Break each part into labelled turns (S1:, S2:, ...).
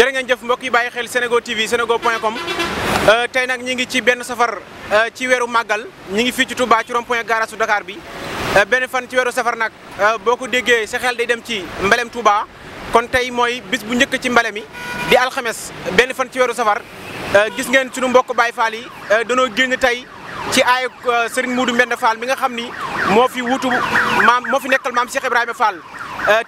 S1: jërë ngeen jëf mbokk yi bàyyi xel Senego TV senego point com euh, tey nag ñi ngi ci benn safar euh, ci weeru màggal ñi ngi fii ci Touba ci rompoint point garage Dakar bi euh, benn fan ci weeru safar nag boo ko déggee sa xel day dem ci mbalem Touba kon tey mooy bis bu njëkk ci mbale mi di alxemes benn fan ci weeru safar gis ngeen suñu mbokk Baye Fall yi danoo génn tey ci ay Serigne Moudou Mbende Fall mi nga xam ni moo fi wutu maam moo fi nekkal maam Cheikh Ibrahima Fall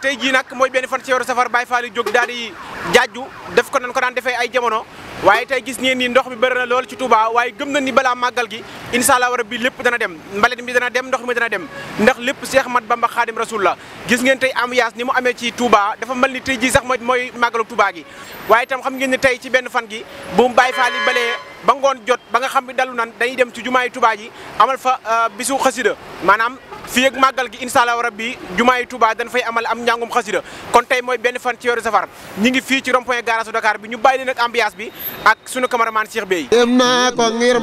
S1: tey jii nag mooy benn fan ci weeru safar Baye Fall yi daal di jaaju def ko nan ko daan defee ay jamono waaye tey gis ngeen ni ndox mi bëri na lool ci Touba waaye gëm na ni balaa màggal gi incha allah rabbi lépp dana dem mbalit mi dana dem ndox mi dana dem ndax lépp seex mat Bamba Khadim Rasoul la gis ngeen tey ambiance ni mu amee ci Touba dafa mel ni tey jii sax mooy mooy màggalu Touba gi waaye tam xam ngeen ne tey ci benn fan gi bu mu bàyyi faali balee ba ngoon jot ba nga xam ne dalu nan dañuy dem ci jumaa yi Touba ji amal fa euh, bisu xasida maanaam fii ak màggal gi incha allah rabbi jumaay Touba dañ fay amal am njàngum xasida kon tey mooy benn fan ci weeru safar ñi ngi fii ci rond point garage su bi ñu bàyyi leen ak ambiance bi ak sunu cameraman Cheikh Bey.
S2: dem naa ko ngir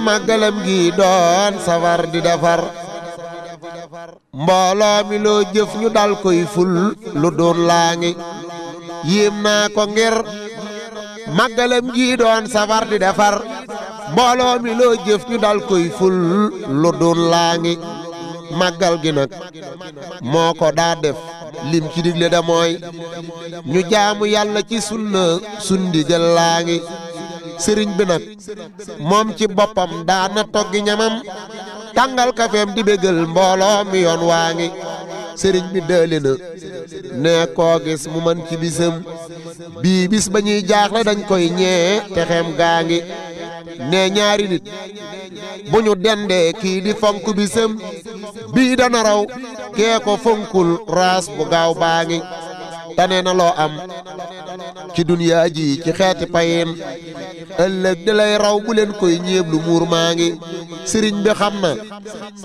S2: di defar mbooloo mi loo jëf ñu lu doon laa ngi yéem naa ko ngir màggalam gi doon safar di defar mbooloo mi loo jëf ñu dal koy ful lu doon laa ngi. màggal gi nag moo ko daa def lim ci digle da mooy ñu jaamu yàlla ci sunna sundi jël laa ngi sëriñ bi nag moom ci boppam daana toggi ñamam tàngal kafeem di bégal mbooloo mi waa ngi sëriñ bi dëli na ne koo gis mu man ci bisam bii bis ba ñuy jaaxle dañ koy ñee te xem gaa ngi ne ñaari nit bu ñu dendee kii di fonk bisam bii dana raw kee ko fonkul raas bu gaaw baa ngi tane na loo am ci duniyaa ji ci xeeti payin ëllëg di lay raw bu leen koy ñeeblu muur maa ngi sëriñ bi xam na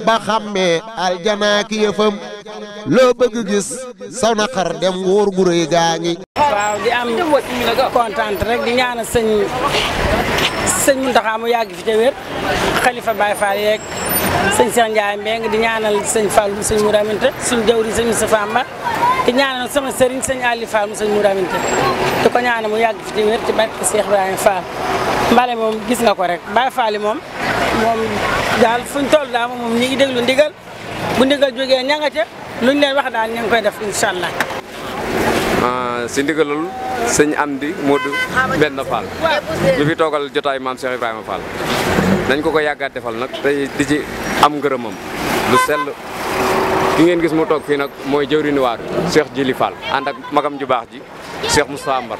S2: ba xàmmee aljanaaki yëfam loo bëgg gis saw na xar dem wóor gu rëy gaa ngi waaw
S3: di am kontaan rek di ñaana sëñ sëñ Muntaxa yàgg fi te wér xalifa Baay Faal yeeg sëñ Cheikh Ndiaye Mbengue di ñaanal sëñ Fallou sëñ Moura Aminta suñ jawri sëñ Moustapha Amar di ñaanal sama sëriñ sëñ Aliou Fall mu sëñ Moura di ko ñaanal mu yàgg fi ci wér ci barke Cheikh Ibrahima Fall mbale moom gis nga ko rek Baye Fall moom moom daal fuñ toll daal moom ñu ngi déglu ndigal bu ndigal jógee ña nga ca luñ leen wax daal ñu ngi koy def incha allah
S4: ah, si ndigalul sëñ Amdi Modou benn Fall ñu fi toogal jotaay maam Cheikh Ibrahima Fall dañ ko ko yàggaat defal nag tey di ci am ngërëmam lu sell ki ngeen gis mu toog fii nag mooy jëwriñu waar Cheikh Djili Fall ànd ak magam ju baax ji seex mu Mbar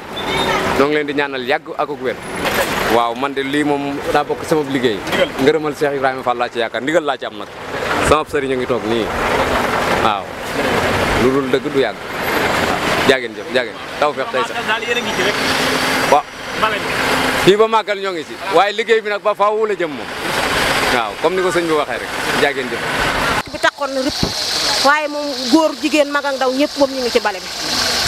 S4: ñoo ngi leen di ñaanal yàgg ak ak wér waaw man de lii moom daa bokk sama liggéey ngërëmal Cheikh Ibrahima Fall laa ci yaakaar ndigal laa ci am nag sama sëriñ a ngi toog nii waaw lu dul dëgg du yàgg waaw jaageen jëf jaageen taw feex day sax fii ba màggal ñoo ngi ci waaye liggéey bi nag ba faaw la jëm moom waaw comme ni ko sëñ bi waxee rek jaageen jëf
S5: bi taxoon na rëpp waaye moom góor jigéen mag ak ndaw ñëpp moom ñu ngi ci bale bi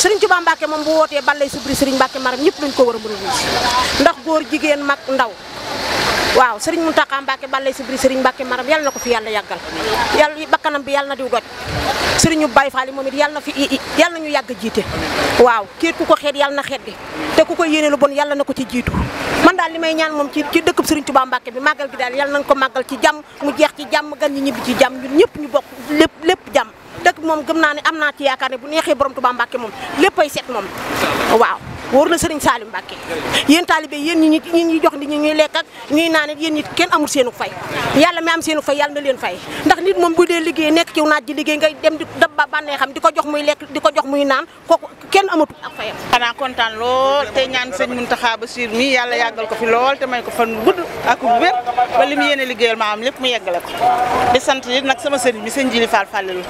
S5: sëriñ Tuubaa Mbàkke moom bu wootee bal lay subri sëriñ Mbàkke maram ñëpp lañ ko war a mën a wuy ndax góor jigéen mag ndaw waaw sëriñ Mountakha Mbacké ballay si biir sëriñ Mbacké maram yal na ko fi yàlla yàggal yàlla bakkanam bi yàlla na diw doj sëriñu Baye Fall yi moom it yal na fi yàlla nañu yàgg jiite waaw kii ku ko xeet yàlla na xeet di te ku ko yéene lu bon yàlla na ko ci jiitu man daal li may ñaan moom ci ci dëkkub sëriñ Touba Mbacké bi màggal gi daal yàlla nañ ko màggal ci jàmm mu jeex ci jàmm gan ñi ñibbi ci jàmm ñun ñëpp ñu bokk lépp lépp jàmm dëkk moom gëm naa ne am naa ci yaakaar ne bu neexee borom Touba Mbacké moom léppay set moom waaw wóor na Serigne Salim Mbacke yéen taalibe yéen ñi ñi ñuy jox nit ñi ñuy lekk ak ñuy naan it yéen ñi kenn amul seenu fay yàlla mi am seenu fay yàlla leen fay ndax nit moom bu dee liggéey nekk ci naaj ji liggéey ngay dem di xam di ko jox muy lekk di ko jox muy naan kooku kenn amatul ak fayam xanaa kontaan lool te ñaan sëñ
S3: Mountakha Bassirou mi yàlla yàggal ko fi lool te may ko fan gudd ak wér ba li mu yéene liggéeyal am lépp mu yàggale ko di sant nit nag sama sëriñ bi sëñ Jili Fall Fall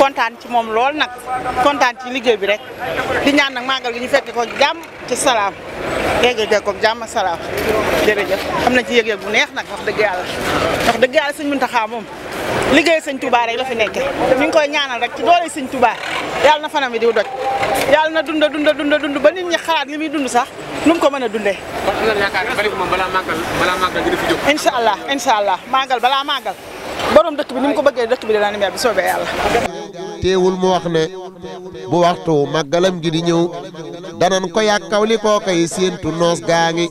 S3: kontaan ci moom lool nag kontaan ci liggéey bi rek di ñaan jàmm ci salaam yéegal de ko jàmm salaam jërëjëf am na ci yëg-yëg bu neex na wax dëgg yàlla wax dëgg yàlla sëñ Muntaxa moom liggéey sëñ Touba rek la fi nekke ñu ngi koy ñaanal rek ci doole sëñ Touba yàlla na fanam yi di doj yàlla na dunda dunda dunda dund ba nit ñi xalaat li muy dund sax nu ko mën a dundee.
S1: kon am na yaakaar bari moom balaa màggal balaa màggal
S3: gi balaa màggal borom dëkk bi ni mu ko bëggee dëkk bi dina ni bi soobee yàlla.
S2: teewul mu wax ne bu waxtu màggalam gi di ñëw danan ko yàkkaw li koo séentu noos gaa ngi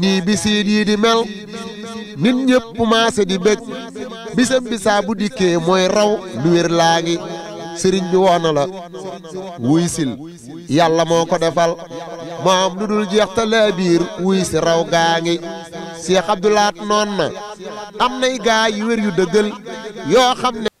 S2: nii bisiit yii di mel nit ñëpp maase di bëgg bisam bisaa bu dikkee mooy raw lu wér laa ngi sëriñ bi woona la wuy sil yàlla moo ko defal moo am lu dul jeex ta wuy si raw gaa ngi Seex Abdulaat noon na am nay gaa yi wér yu dëggal yoo xam ne